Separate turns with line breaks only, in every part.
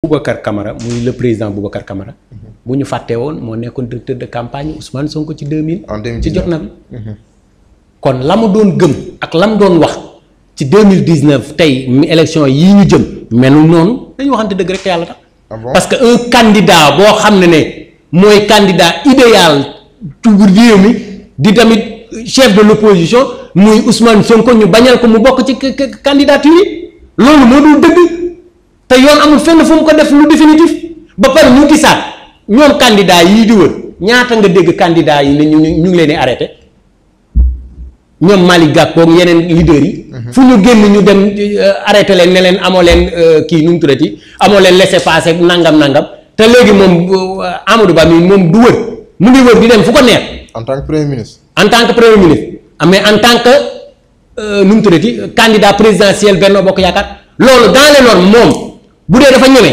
Boubacar Camara muy le président Boubacar Camara mhm. bu ñu fàttee woon moo nekkoon directeur de campagne Ousmane Sonko ci 2000. en ci jot na bi mhm. kon la mu doon gëm ak la mu doon wax ci 2019 tey mi élection yii ñu jëm melul noonu dañu waxante dëgg rek te yàlla tax. Ah parce que un candidat boo xam ne ne mooy candidat idéal ci réew mi di tamit chef de l'opposition muy Ousmane Sonko ñu bañal ko mu bokk ci candidature loolu moo dul dëgg. te yoon amul fenn fu mu ko def lu définitif ba par ñu gisaat ñom candidat yi di wër ñaata nga dégg candidat yi ñu ñu ngi leen arrêté ñom Malick Gakou ak yenen leader yi. Mhm. fu ñu genn ñu dem euh, arrêté leen ne leen amo leen ki ñu traité amo amoo leen euh, laisser passer nangam nangam te légui mom euh, Amadou Ba mi moom du wër mu ngi wër di dem fu ko neex.
en tant que premier ministre.
en tant que premier ministre ah, mais en tant que euh mu traité candidat présidentiel Benno Bokk Yaakaar lolu dans les normes mom bu dee dafa ñeme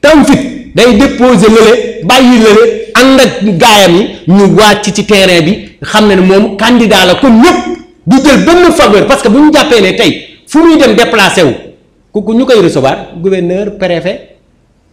tam fit day déposer lële bàyyi lële ànd ak gaayam yi ñu wàcc ci terrain bi xam na ne moom candidat la comme ñëpp du jël benn faveur parce que bu ñu jàppee nee tey fu muy dem déplacé wu ku ñu koy recevoir gouverneur préfet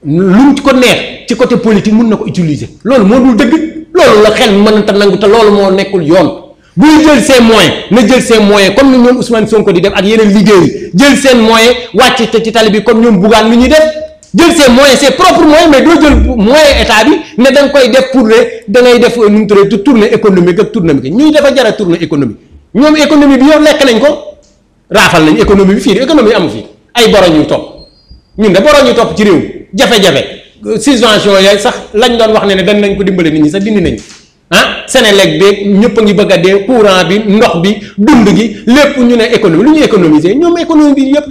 luñ ko neex ci côté politique mun na ko utiliser loolu moo dul dëgg loolu la xel mën na ta nangu te loolu moo nekkul yoon Dieu jël seen moyen na moyen comme nous ñoom Ousmane Sonko di def ak yeneen liggéey ses moyens, sait moyen wàcc ci comme ñoom nous nous ñuy def sait ses propres moyens mais doo jël moyen état bi ne pour koy des ne da ngay def euh, nu économique ak tournée Nous ñuy dafa nous tourner économie. Nous ñoom économie bi yow lekk nous ko nous économie bi économie amu fi ay boroñ Nous topp ñun nous boroñ yu nous ci nous jafe nous subvention nous sax lañ wax dañ nañ ko nous, nit ah Sénélec beeg ñëpp a ngi bëgg a dee courant bi ndox bi dund gi lépp ñu ne économie lu ñu économiser ñoom économie bi yëpp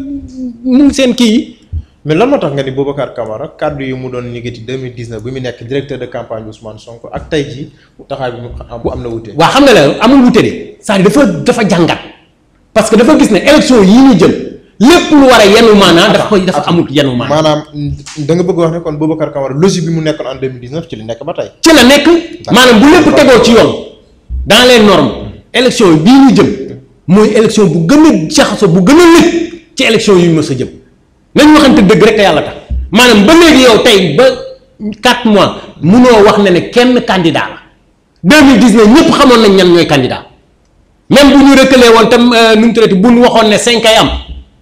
mu ngi seen kii yi. mais lan moo tax nga ni Boubacar Camara
kàddu yi mu doon liggéey ci 2019 bi mu nekk directeur de campagne Ousmane Sonko ak tey jii taxawaay bi mu am na wute. waaw xam nga la
amul wute de cest à dafa dafa jàngat parce que dafa gis ne élection yii ñu jël. lépp lu war a yenu maanaam dafa dafa amul yenu maanaam. maanaam da nga
bëgg wax ne kon Boubacar Camara logique bi mu nekkoon en 2019 ci la nekk ba tey.
ci la nekk maanaam bu lépp tegoo ci yoon dans les normes élection bii ñu jëm mooy élection bu gën a jaxaso bu gën a lëj ci élection yu mës a jëm nañ waxante dëgg rek yàlla tax maanaam ba léegi yow tey ba 4 mois munoo wax na ne kenn candidat la 2019 ñëpp xamoon nañ ñan ñooy candidat même bu ñu rëkkalee woon tam euh, nu mu tuddati bu ñu waxoon ne 5 ay am.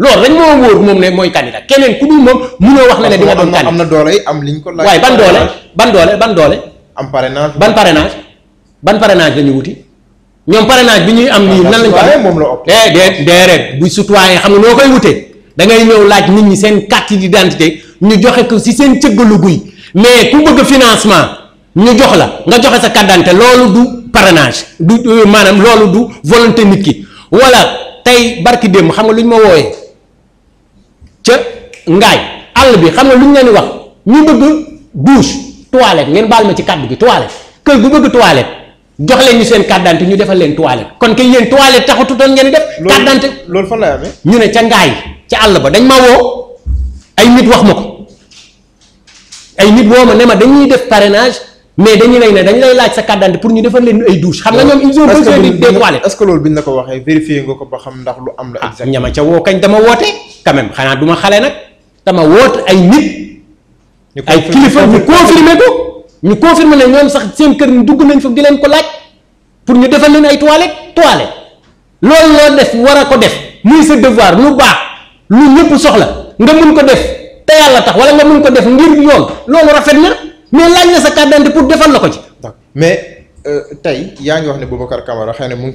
loolu dañ moo wóor moom ne mooy candidat keneen ku dul moom munoo wax na ne
di nga doon candidat am na doole am liñ ko laaj waaye ban doole ban doole ban doole am parrainage ban parrainage
ban parrainage lañu wuti ñoom parrainage bi ñuy am nii nan lañ ko moom la opté dee eh, dee bu citoyen xam nga noo koy wutee da ngay ñëw laaj nit ñi seen carte d'identité ñu joxe ko si seen cëggalu guy mais ku bëgg financement ñu jox la nga joxe sa carte d'identité loolu du parrainage du euh, maanaam loolu du volonté nit ki wala tey barki démb xam nga lu ñu ma wooyee ca ngaay àll bi xam nga lu ñu leen di wax ñu bëgg douche toilette ngeen baal ma ci kàddu gi toilette kër gu bëgg toilette jox leen ñu seen carte ñu defal leen toilette kon kay yéen toilette taxatu doon ngeen def. carte d'identité loolu fan lay amee ñu ne ca ngaay ca àll ba dañ ma woo ay nit ma ko ay nit leen ay douche. xam loolu
bi ñu ko waxee vérifier nga ko ba xam ndax
lu am la. Ah, exactement ñama ca woo kañ dama woote. quand xanaa du ma xale nag dama woot ay nit. ay kilifa ñu confirmer ko ñu confirmer ne ñoom sax seen kër ñu dugg nañ fa di leen ko laaj pour ñu defal leen ay toilette toilette loolu loo def war a ko def muy sa devoir lu baax lu ñëpp soxla nga mun ko def tax wala nga mun ko def ngir yoon na mais ko ci.
mais. Euh, tey yaa ngi wax ne Boubacar Camara na mu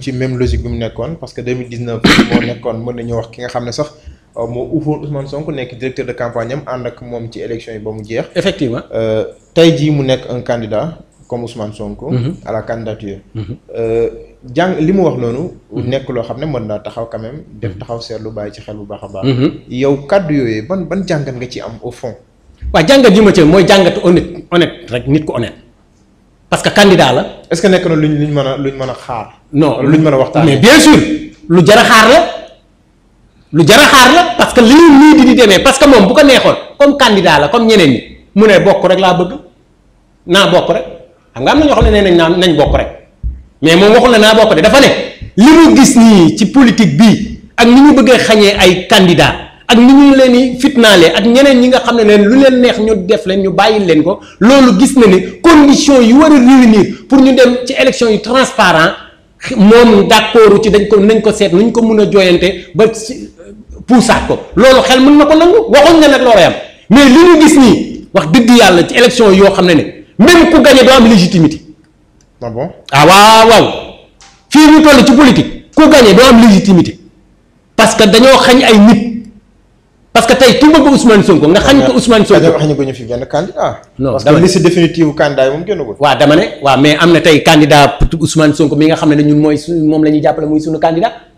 wax ki nga xam ne sax Euh, moo ufoon Ousmane Sonko nekk directeur de campagne am ànd ak moom ci élection yi ba mu jeex. effectivement euh, tey jii mu nekk un candidat comme Ousmane Sonko. Mm-hmm. à la candidature. Mm-hmm. Euh, jàng li mu wax noonu. Mm-hmm. nekk loo xam ne mën naa taxaw quand même def taxaw seetlu bàyyi ci xel bu baax a baax. yow kàddu yooyu ban ban jàngat nga ci am au fond.
waaw jàngat ji ma ci mooy jàngat honnête honnête rek nit ku honnête. parce que candidat la. est ce que nekk na luñ luñ mën a luñ mën a xaar. non luñ mën a waxtaan mais bien sûr lu jar a xaar la. lu jar a xaar la parce que li ñu nii demee parce que moom bu ko neexoon comme candidat la comme ñeneen ñi mu ne bokk rek laa bëgg naa bokk rek xam nga am na ñoo xam ne nee nañ naan nañ bokk rek mais moom waxul ne naa bokk de dafa ne li mu gis nii ci politique bi ak ni ñu bëggee xañee ay candidat ak ni ñu leen di ak ñeneen ñi nga xam ne leen lu leen neex ñu def leen ñu bàyyi leen ko loolu gis na ne condition yi war a réunir pour ñu dem ci élection yu transparent moom d'accordu ci dañ ko nañ ko seet nuñ ko mun a jooyante ba puusaat ko loolu xel mën na ko nangu waxoon nga nag loolu yam mais li ñu gis nii wax dëgg yàlla ci élection yoo xam ne ne même ku gagné doo am légitimité. d' ah accord ah waaw waaw fii ñu toll ci politique ku gagné doo am légitimité parce dañoo xañ ay nit parce que tey tuuma ko Ousmane Sonko nga xañ ko Ousmane Sonko.
waaw xañ ko ñu fi benn dama ne
waa mais am na tey candidat Ousmane Sonko mi nga xam ne ñun mooy suñ moom la ñuy jàppale muy suñu candidat.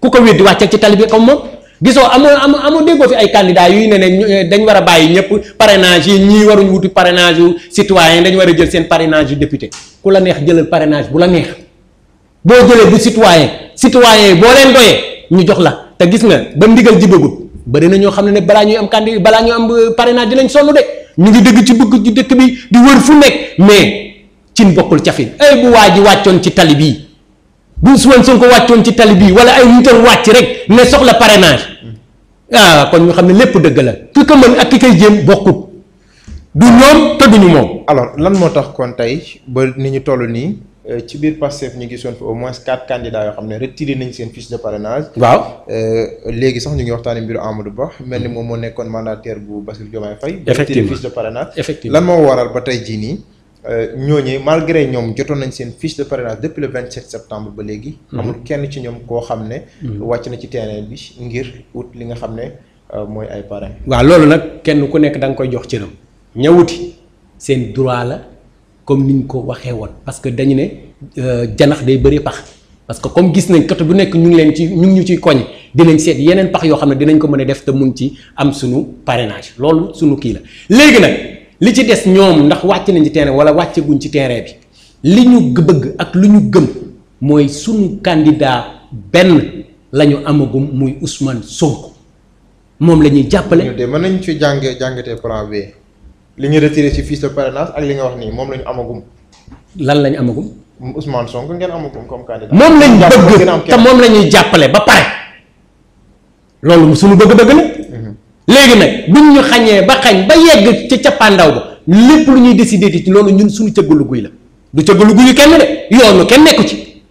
ku ko weddi wàcce ci tali bi comme moom gisoo amoo amoo amoo déggoo fi ay candidats yuy ne ne eh, dañ war a bàyyi ñëpp parrainage yi ñii waruñ wuti parrainage yu citoyen dañ war a jël seen parrainage yu député ku la neex jëlal parrainage bu la neex boo jëlee bu citoyen citoyen boo leen doyee ñu jox la te gis nga ba ndigal jibagul bëri na ñoo xam ne ne balaa ñuy am candidat balaa ñuy am euh, parrainage dinañ sonn de ñu ngi dëgg ci bëgg ci dëkk bi di wër fu nekk mais cin bokkul cafin ay waa ji wàccoon ci tali bii bu Ousmane Sonko wàccoon ci tali bii wala ay nitam wàcc rek ne soxla parrainage ah kon ñu xam ne lépp dëgg la ki ko mën ak ki koy jéem bokkut
du ñoom te duñu moom. alors lan moo tax kon tey ba ni ñu toll nii euh, ci biir Pastef ñu gisoon fi au moins quatre candidats yoo xam ne retiré nañ seen fiche de parrainage. waaw euh, léegi sax ñu ngi waxtaanee mbiru Amadou Ba mel ni moom moo nekkoon mandataire bu Bassirou Diomaye Faye. effectivement retiré fiche de parrainage. effectivement lan moo waral ba tey jii nii. Euh, ñooñee malgré ñoom jotoon nañ seen fiche de parrainage depuis le 27 septembre ba léegi. Mhm. amul kenn ci ñoom koo xam ne. Mhm. wàcc na ci terrain bi ngir wut li nga xam ne euh, mooy ay parrain.
waaw loolu nag kenn ku nekk da nga koy jox cëram ñawuti seen droit la comme ni ñu ko waxee woon parce que dañu ne euh, janax day bëri pax parce que comme gis nañ côté bu nekk ñu ngi leen ci ñu ngi ñu ciy koñ dinañ seet yeneen pax yoo xam ne dinañ ko mën a def te mun ci am sunu parrainage loolu sunu kii la léegi li ci des ñoom ndax wàcc nañ ci terrain wala wàcceguñ ci terrain bi li ñu bëgg ak lu ñu gëm mooy sunu candidat benn lañu ñu amagum muy Ousmane Sonko moom la ñuy jàppale. de mën nañ ci jànge jàngatee plan B
li ñu retiré ci fiche de parrainage ak li nga wax nii moom la amagum. lan la ñu amagum. Ousmane Sonko ngeen amagum comme candidat. moom lañ bëgg
te moom la ñuy jàppale ba pare. loolu sunu bëgg-bëgg la. léegi nag buñ ñu xañee ba xañ ba yegg ca cappaandaw ba lépp lu ñuy décider ci loolu ñun suñu cëggalu guy la du cëggalu guyu kenn de yoonu kenn nekku ci.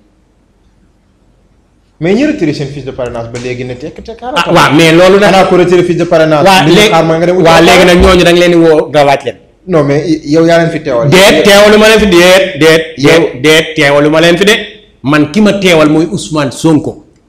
mais ñu retiré seen fiche de parrainage ba léegi ne tekk tekk ah waaw mais loolu nag xanaa ko retiré fiche de parrainage. waaw léegi waaw léegi nag ñooñu da leen di woo nga laaj leen. non mais yow yaa leen fi teewal. déet
ma leen fi déet déet. yow déet teewalu ma leen fi de man ki ma teewal mooy Ousmane Sonko.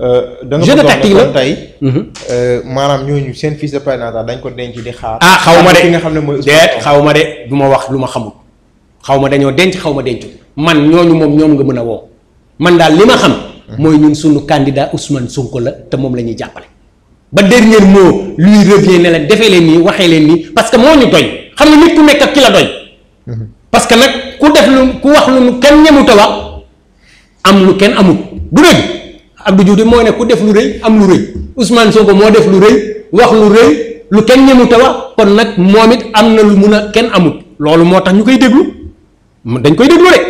Euh, da nga tactique la tey
mhm. euh, maanaam ñooñu seen fiche de parrainage dañ ko denc di xaar. ah xaw ma de ki nga xam ne mooy xaw
ma de du ma wax lu ma xamul. xaw ma dañoo denc xaw ma dencu man ñooñu moom ñoom nga mën a wow man daal li ma xam. Mhm. mooy ñun suñu candidat Ousmane Sonko la te moom la ñuy jàppale. ba dernier mot lui revient ne la defee leen nii waxee leen nii parce que moo ñu doy xam nga nit ku nekk ki la doy. Mhm. parce que nag ku def lu ku wax lu nu kenn ñemut a am lu kenn amut du dëgg. abdou djoudi moy ne ku def lu reuy am lu reuy ousmane sonko mo def lu reuy wax lu reuy lu ken ñemu tawa kon nak momit amna lu mëna ken amut lolu motax ñukay deglu dañ koy deglu rek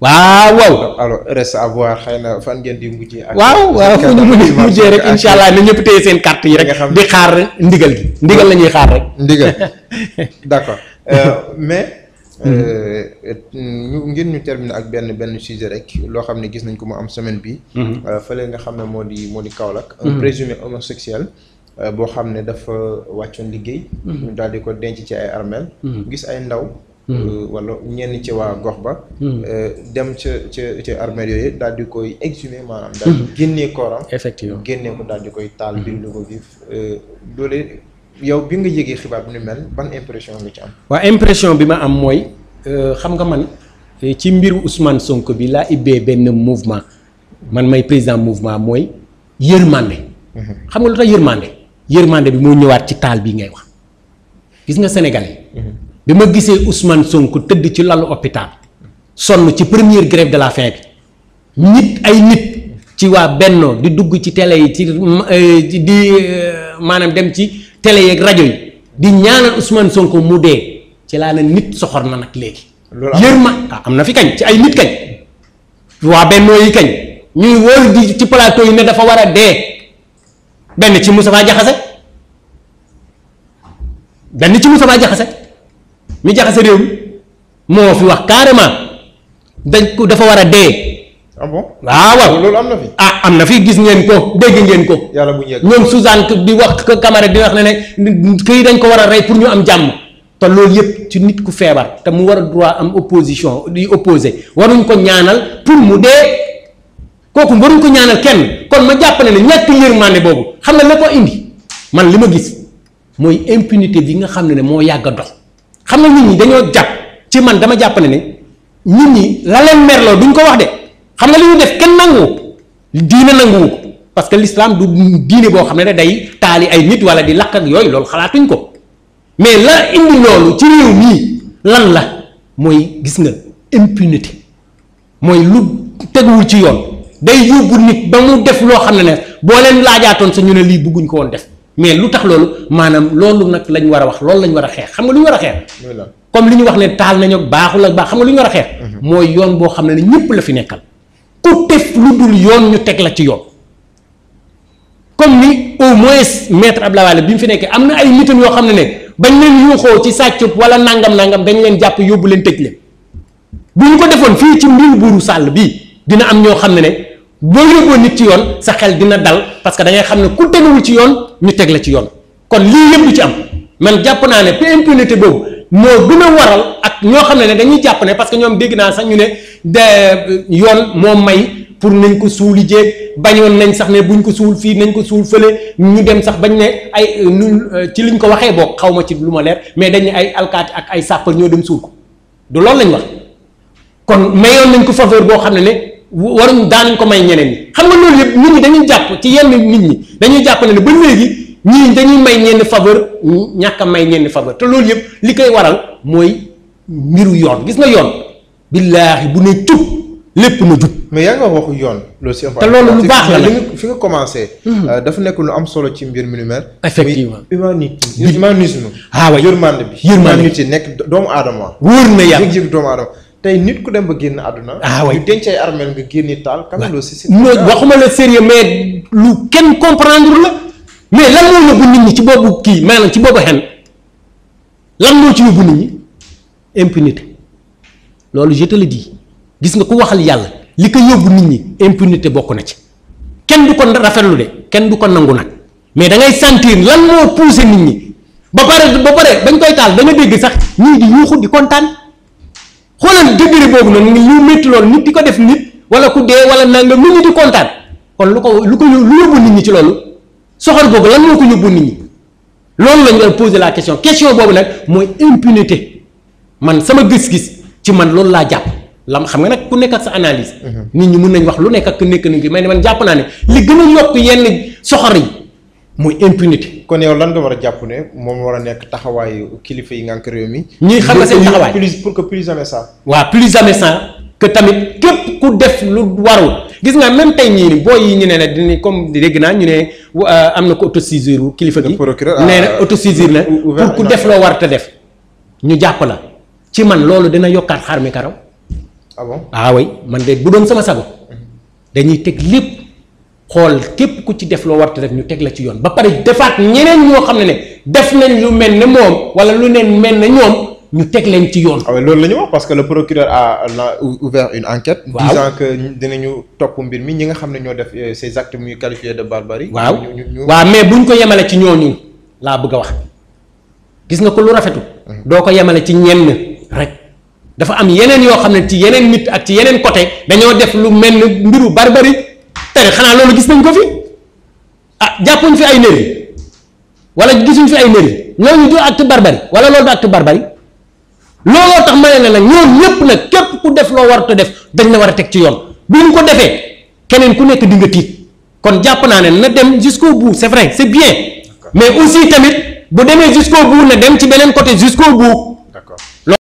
waaw waaw
alors reste à voir xeyna fan ngeen di mujjé ak waaw
waaw fu ñu mëni mujjé rek inshallah ni
ñëpp téy seen carte yi rek di xaar ndigal gi ndigal lañuy xaar rek ndigal d'accord euh mais Euh, mhm. mm, ñu ngir ñu terminer ak benn benn sujet rek loo xam ne gis nañ ko mu am semaine bi mhm. euh, fële nga xam ne moo di moo di Kaolack un mhm. présumé homosexuel euh, boo xam ne dafa wàccoon liggéey ñu daal di ko denc ci ay armel gis ay ndaw wala ñenn ci waa gox ba dem ca ca ca armeel yooyu daal di koy exhumer maanaam daal di génnee kooram effectivement génnee ko daal di koy taal bindu lu ko vif doole yow bi nga yëgee xibaar bu ni mel ban impression nga ci am.
waa impression bi ma am mooy euh, xam nga man euh, ci mbiru Ousmane Sonko bi laa ibbee benn mouvement man may président mouvement mooy yërmande. Mhm. xam nga lu tax yërmande yërmande bi moo ñëwaat ci taal bi ngay wax gis nga sénégalais. Mhm. bi ma gisee Ousmane sonk tëdd ci lalu hôpital sonn ci première grève de la faim bi nit ay nit ci waa Benno di dugg ci télé yi ci euh, di maanaam dem ci. télé yeeg rajo yi di ñaanal Ousmane Sonko mu dee ci laa ne nit soxor na nag léegi. yërma ah am na fi kañ ci ay nit kañ. waa Benno yi kañ ñuy wóor di ci palaato yi ne dafa war a dee benn ci Moustapha jaxase benn ci Moustapha jaxase mi jaxase réew mi moo fi wax carrément dañ ko dafa war a dee. ah bon ah, waaw loolu am na fi. ah am na fi gis ngeen ko dégg ngeen ko. yàlla bu ñeeg ñoom Suzanne di wax ko Camara di wax ne ne kii dañ ko war a rey pour ñu am jàmm. te loolu yëpp ci nit ku feebar te mu war a droit am opposition di opposé waruñ ko ñaanal pour mu dee kooku waruñ ko ñaanal kenn kon ma jàpp ne ne ñàkk yërmande boobu xam nga la ko indi man li ma gis mooy impunité bi nga xam ne ne moo yàgg a dox xam nga nit ñi dañoo jàpp ci man dama jàpp ne ne ñi la leen merloo duñ ko wax de. xam nga li ñu def kenn nanguwu diine nanguwu ko parce que l'islam du diine boo xam ne day taali ay nit wala di lakk ak yooyu loolu xalaatuñ ko mais la indi loolu ci réew mii lan la mooy gis nga impunité mooy lu teguwul ci yoon day yóbbu nit ba mu def loo xam ne ne boo leen laajaatoon sa ñu ne lii bëgguñ ko woon def mais lu tax loolu maanaam loolu nag lañ war a wax loolu lañ war a xeex xam nga lu ñu war a xeex comme li ñu wax ne taal nañu baaxul ak baax xam nga lu ñu war a mhm. yoon boo xam ne ne ñëpp la fi nekkal ku def lu dul yoon ñu teg la ci yoon comme ni au moins maître Abdoulaye Wade bi mu fi nekkee am na ay nitam yoo xam ne ne bañ leen yuuxoo ci sàcc wala nangam nangam dañ leen jàpp yóbbu leen tëj leen bu ñu ko defoon fii ci mbiru buuru sàll bi dina am ñoo xam ne ne boo yóbboo nit ci yoon sa xel dina dal parce que da xam ne ku teguwul ci yoon ñu teg la ci yoon kon lii yëpp ci am man jàpp naa ne pe impunité boobu. moo gën a waral ak ñoo xam ne ne dañuy jàpp ne parce que ñoom dégg naa sax ñu ne de euh, yoon moo may pour nañ ko suuli jéeg bañoon nañ sax ne buñ ko suul fii nañ ko suul fële ñu dem sax bañ ne ay euh, nu euh, ci ko waxee boog xaw ma ci lu ma leer mais dañ ay alkaati ak ay sàppal ñoo dem suul ko du loolu lañ wax kon mayoon nañ ko faveur boo xam ne ne waruñ daanañ ko may ñeneen ñi xam nga loolu yëpp nit ñi dañuy jàpp ci yenn nit ñi dañuy jàpp ne ne ba léegi ñii dañuy may ñenn faveur ñaka a may ñenn faveur té lool yépp li waral moy miru yoon gis na yoon billahi bu né lépp na mais ya nga wax yoon. te lu baax la
fi nga commencé. Mhm. Euh, dafa nekk lu am solo ci mbir mi effectivement humanisme. ah wa bi. doomu na doomu tay nit ku dem ba génn aduna ah denc ay nga waxuma le sérieux mais
lu comprendre la. mais lan moo yóbbu nit ñi ci bobu ki maanaam ci bobu hen lan mo ci yóbbu nit ñi impunité lolu je te le dis gis nga ku waxal yalla li ko yobbu nit ñi impunité bokku na ci kenn du ko rafetlu de kenn du ko nangu nak mais da ngay sentir lan mo pousser nit ñi ba pare ba pare bañ koy taal da nga dégg sax ñi di yuuxu di contane xoolal degré boobu nag lu metti loolu nit di ko def nit wala ku de wala nangam nit ñi di contane kon lu ko lu ko lu yóbbu nit ñi ci soxor googu lan moo ko yóbbu nit ñi loolu lañ doon poser la question question boobu nag mooy impunité man sama gis-gis ci man loolu laa jàpp lam xam nga nag ku nekk ak sa analyse. Mhm. nit ñi mën nañ wax lu nekk ak nekk nañ fi mais man jàpp naa ne li gën a yokk yenn soxor yi mooy impunité. kon yow lan nga war a jàpp ne moom war a nekk
taxawaayu kilifa yi ngànk réew mi. ñuy xam nga seen taxawaay pour que plus jamais ça. waaw plus jamais ça.
que tamit képp ku def lu warul gis nga même tey ñii ni booy yi ñu ne ne dinañ comme dégg naa ñu ne euh, am na ko autosaisir wu kilifa gi nee na autosaisir la pour ku def loo war te def ñu jàpp la ci man loolu dina yokkaat xar mi karaw ah, ah man de bu doom sama sago dañuy teg lépp xool képp ku ci def loo war te def ñu teg la ci yoon ba pare defaat ñeneen ñoo xam ne ne def nañ lu mel ne moom wala lu ne mel ne ñoom ñu teg leen ci yoon. waaw ah loolu lañu wax parce que le procureur a
ouvert une enquête. waaw disant que dinañu top mbir mi ñinga xamné ño def euh, ces actes muy qualifiés de barbarie. waaw waaw mais buñ ko yemalé ci ñoñu
la bëgg wax gis nga ko lu rafetul. Mhm. do ko yemalé ci ñenn rek dafa am yeneen yo xamné ci yeneen nit ak ci yeneen côté dañoo def lu mel mbiru barbarie tay xana loolu gis nañ ko fi ah jappuñ fi ay néri wala gisuñ fi ay néri ñooñu do acte barbarie wala loolu acte barbarie looloo tax ma la ñoom ñëpp képp ku def lo def dañ la war a ci yoon bu ñu ko defee keneen ku nekk di nga kon jusqu'au bout c'est vrai c'est bien mais aussi tamit bu demee jusqu'au bout na dem ci côté jusqu'au bout.